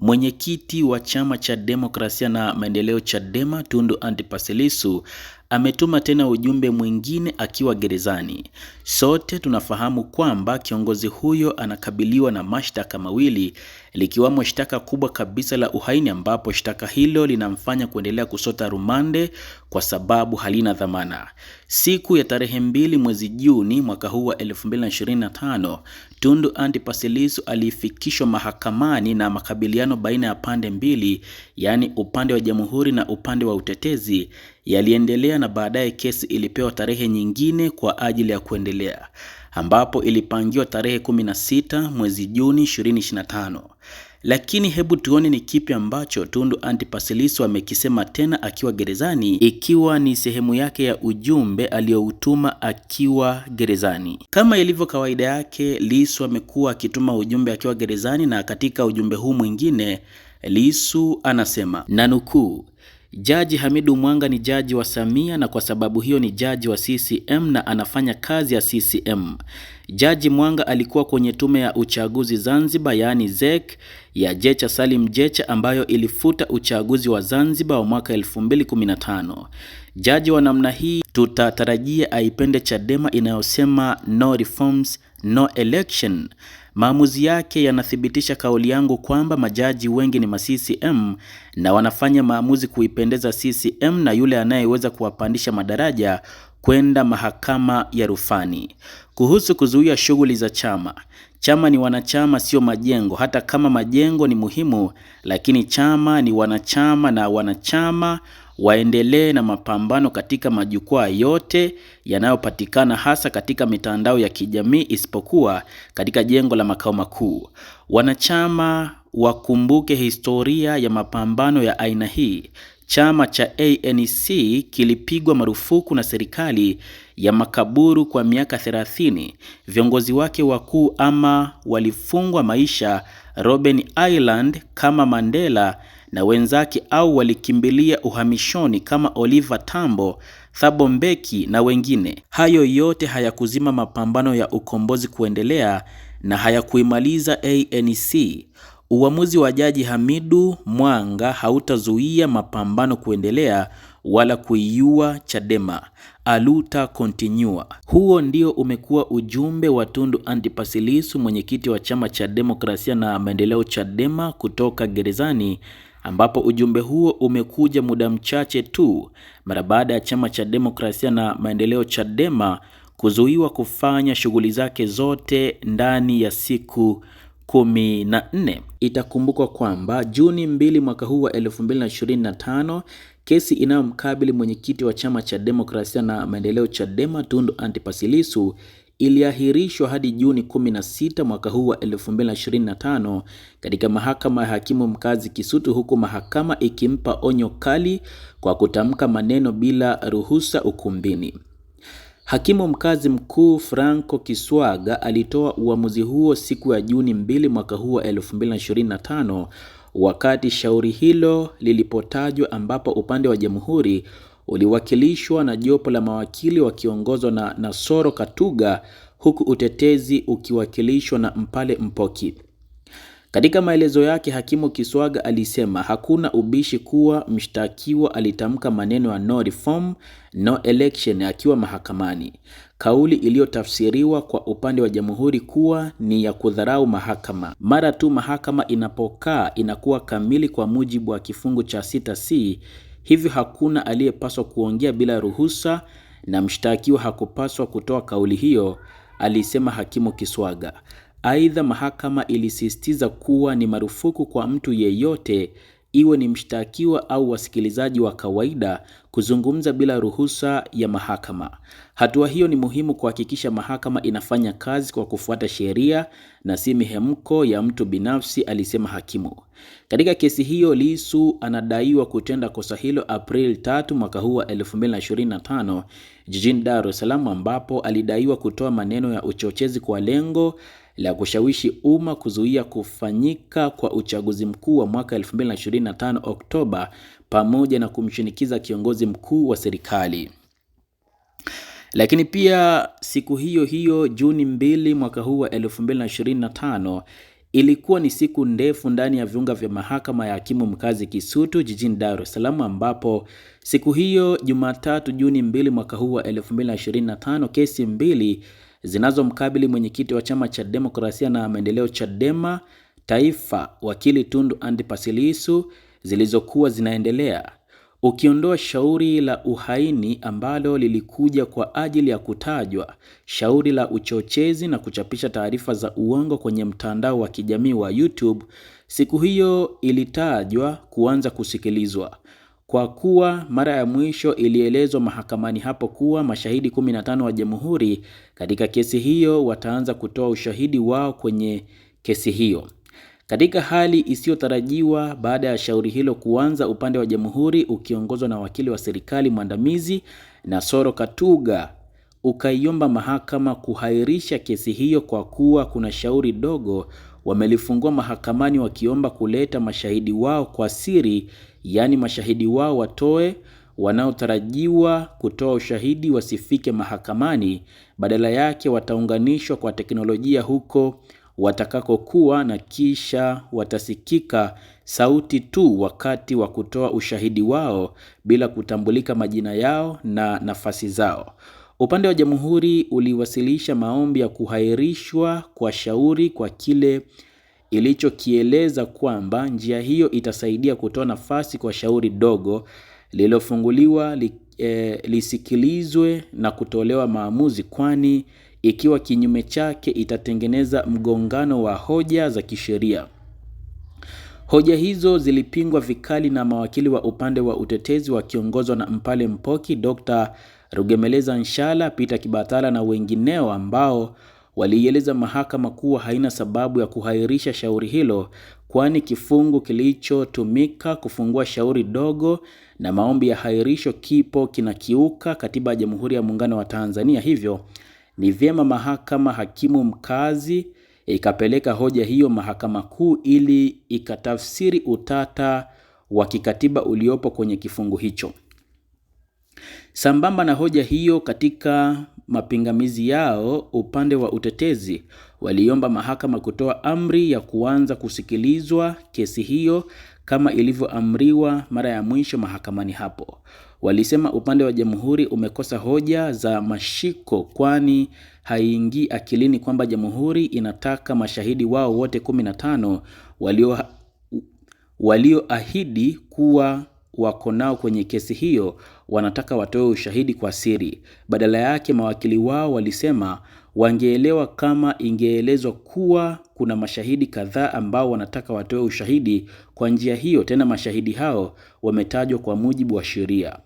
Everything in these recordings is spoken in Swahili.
Mwenyekiti wa chama cha demokrasia na maendeleo CHADEMA Tundu Antipas Lissu ametuma tena ujumbe mwingine akiwa gerezani. Sote tunafahamu kwamba kiongozi huyo anakabiliwa na mashtaka mawili likiwamo shtaka kubwa kabisa la uhaini, ambapo shtaka hilo linamfanya kuendelea kusota rumande kwa sababu halina dhamana. Siku ya tarehe mbili mwezi Juni mwaka huu wa 2025 Tundu Antipas Lissu alifikishwa mahakamani na makabiliano baina ya pande mbili, yaani upande wa jamhuri na upande wa utetezi yaliendelea na baadaye kesi ilipewa tarehe nyingine kwa ajili ya kuendelea, ambapo ilipangiwa tarehe 16 mwezi Juni 2025. Lakini hebu tuone ni kipi ambacho Tundu Antipas Lissu amekisema tena akiwa gerezani, ikiwa ni sehemu yake ya ujumbe aliyoutuma akiwa gerezani. Kama ilivyo kawaida yake, Lissu amekuwa akituma ujumbe akiwa gerezani, na katika ujumbe huu mwingine Lissu anasema na nukuu Jaji Hamidu Mwanga ni jaji wa Samia na kwa sababu hiyo ni jaji wa CCM na anafanya kazi ya CCM. Jaji Mwanga alikuwa kwenye tume ya uchaguzi Zanzibar yaani ZEC ya Jecha Salim Jecha ambayo ilifuta uchaguzi wa Zanzibar wa mwaka 2015. Jaji wa namna hii tutatarajia aipende Chadema inayosema no reforms, no election. Maamuzi yake yanathibitisha kauli yangu kwamba majaji wengi ni maccm na wanafanya maamuzi kuipendeza CCM na yule anayeweza kuwapandisha madaraja kwenda mahakama ya rufani. Kuhusu kuzuia shughuli za chama, chama ni wanachama, sio majengo. Hata kama majengo ni muhimu, lakini chama ni wanachama na wanachama waendelee na mapambano katika majukwaa yote yanayopatikana hasa katika mitandao ya kijamii isipokuwa katika jengo la makao makuu. Wanachama wakumbuke historia ya mapambano ya aina hii. Chama cha ANC kilipigwa marufuku na serikali ya makaburu kwa miaka 30. Viongozi wake wakuu ama walifungwa maisha, Robben Island kama Mandela na wenzake au walikimbilia uhamishoni kama Oliver Tambo, Thabo Mbeki na wengine. Hayo yote hayakuzima mapambano ya ukombozi kuendelea na hayakuimaliza ANC. Uamuzi wa Jaji Hamidu Mwanga hautazuia mapambano kuendelea wala kuiua Chadema. Aluta continua. Huo ndio umekuwa ujumbe wa Tundu Antipas Lissu, mwenyekiti wa chama cha demokrasia na maendeleo Chadema, kutoka gerezani ambapo ujumbe huo umekuja muda mchache tu mara baada ya chama cha demokrasia na maendeleo Chadema kuzuiwa kufanya shughuli zake zote ndani ya siku kumi na nne. Itakumbukwa kwamba Juni mbili mwaka huu wa 2025 kesi inayomkabili mwenyekiti wa chama cha demokrasia na maendeleo Chadema Tundu Antipasilisu iliahirishwa hadi Juni 16 mwaka huu wa 2025 katika mahakama ya hakimu mkazi Kisutu, huku mahakama ikimpa onyo kali kwa kutamka maneno bila ruhusa ukumbini. Hakimu mkazi mkuu Franco Kiswaga alitoa uamuzi huo siku ya Juni 2 mwaka huu wa 2025 wakati shauri hilo lilipotajwa, ambapo upande wa jamhuri uliwakilishwa na jopo la mawakili wakiongozwa na Nasoro Katuga huku utetezi ukiwakilishwa na Mpale Mpoki. Katika maelezo yake, hakimu Kiswaga alisema hakuna ubishi kuwa mshtakiwa alitamka maneno ya no reform no election akiwa mahakamani, kauli iliyotafsiriwa kwa upande wa jamhuri kuwa ni ya kudharau mahakama. Mara tu mahakama inapokaa inakuwa kamili kwa mujibu wa kifungu cha 6C Hivyo hakuna aliyepaswa kuongea bila ruhusa na mshtakiwa hakupaswa kutoa kauli hiyo, alisema hakimu Kiswaga. Aidha, mahakama ilisisitiza kuwa ni marufuku kwa mtu yeyote iwe ni mshtakiwa au wasikilizaji wa kawaida kuzungumza bila ruhusa ya mahakama. Hatua hiyo ni muhimu kuhakikisha mahakama inafanya kazi kwa kufuata sheria na si mihemko ya mtu binafsi, alisema hakimu. Katika kesi hiyo, Lissu anadaiwa kutenda kosa hilo Aprili 3 mwaka huu wa 2025 jijini Dar es Salaam ambapo alidaiwa kutoa maneno ya uchochezi kwa lengo la kushawishi umma kuzuia kufanyika kwa uchaguzi mkuu wa mwaka 2025 Oktoba, pamoja na kumshinikiza kiongozi mkuu wa serikali. Lakini pia siku hiyo hiyo Juni 2 mwaka huu wa 2025 ilikuwa ni siku ndefu ndani ya viunga vya mahakama ya hakimu mkazi Kisutu jijini Dar es Salaam, ambapo siku hiyo Jumatatu Juni 2 mwaka huu wa 2025 kesi mbili zinazomkabili mwenyekiti wa chama cha demokrasia na maendeleo Chadema Taifa, wakili Tundu Antipas Lissu zilizokuwa zinaendelea, ukiondoa shauri la uhaini ambalo lilikuja kwa ajili ya kutajwa, shauri la uchochezi na kuchapisha taarifa za uongo kwenye mtandao wa kijamii wa YouTube, siku hiyo ilitajwa kuanza kusikilizwa kwa kuwa mara ya mwisho ilielezwa mahakamani hapo kuwa mashahidi 15 wa jamhuri katika kesi hiyo wataanza kutoa ushahidi wao kwenye kesi hiyo. Katika hali isiyotarajiwa baada ya shauri hilo kuanza, upande wa jamhuri ukiongozwa na wakili wa serikali mwandamizi na soro Katuga ukaiomba mahakama kuhairisha kesi hiyo kwa kuwa kuna shauri dogo wamelifungua mahakamani wakiomba kuleta mashahidi wao kwa siri yaani mashahidi wao watoe, wanaotarajiwa kutoa ushahidi wasifike mahakamani, badala yake wataunganishwa kwa teknolojia huko watakakokuwa na kisha watasikika sauti tu wakati wa kutoa ushahidi wao bila kutambulika majina yao na nafasi zao. Upande wa jamhuri uliwasilisha maombi ya kuhairishwa kwa shauri kwa kile ilichokieleza kwamba njia hiyo itasaidia kutoa nafasi kwa shauri dogo lililofunguliwa li, e, lisikilizwe na kutolewa maamuzi, kwani ikiwa kinyume chake itatengeneza mgongano wa hoja za kisheria. Hoja hizo zilipingwa vikali na mawakili wa upande wa utetezi wakiongozwa na Mpale Mpoki, Dr. Rugemeleza Nshala, Peter Kibatala na wengineo ambao waliieleza mahakama kuwa haina sababu ya kuhairisha shauri hilo kwani kifungu kilichotumika kufungua shauri dogo na maombi ya hairisho kipo kinakiuka Katiba ya Jamhuri ya Muungano wa Tanzania. Hivyo ni vyema mahakama hakimu mkazi ikapeleka hoja hiyo Mahakama Kuu ili ikatafsiri utata wa kikatiba uliopo kwenye kifungu hicho. Sambamba na hoja hiyo, katika mapingamizi yao, upande wa utetezi waliomba mahakama kutoa amri ya kuanza kusikilizwa kesi hiyo kama ilivyoamriwa mara ya mwisho mahakamani hapo. Walisema upande wa jamhuri umekosa hoja za mashiko, kwani haiingii akilini kwamba jamhuri inataka mashahidi wao wote 15 walio walioahidi kuwa wako nao kwenye kesi hiyo wanataka watoe ushahidi kwa siri. Badala yake, mawakili wao walisema wangeelewa kama ingeelezwa kuwa kuna mashahidi kadhaa ambao wanataka watoe ushahidi kwa njia hiyo, tena mashahidi hao wametajwa kwa mujibu wa sheria.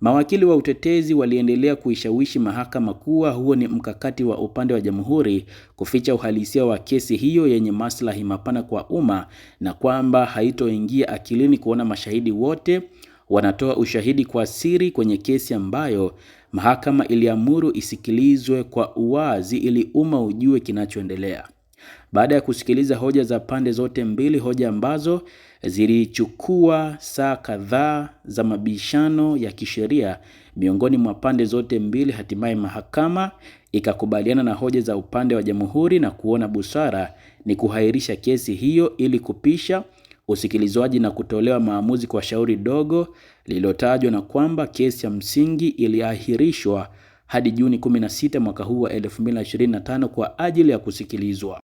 Mawakili wa utetezi waliendelea kuishawishi mahakama kuwa huo ni mkakati wa upande wa jamhuri kuficha uhalisia wa kesi hiyo yenye maslahi mapana kwa umma na kwamba haitoingia akilini kuona mashahidi wote wanatoa ushahidi kwa siri kwenye kesi ambayo mahakama iliamuru isikilizwe kwa uwazi ili umma ujue kinachoendelea. Baada ya kusikiliza hoja za pande zote mbili, hoja ambazo zilichukua saa kadhaa za mabishano ya kisheria miongoni mwa pande zote mbili. Hatimaye mahakama ikakubaliana na hoja za upande wa jamhuri na kuona busara ni kuhairisha kesi hiyo ili kupisha usikilizwaji na kutolewa maamuzi kwa shauri dogo lililotajwa, na kwamba kesi ya msingi iliahirishwa hadi Juni 16 mwaka huu wa 2025 kwa ajili ya kusikilizwa.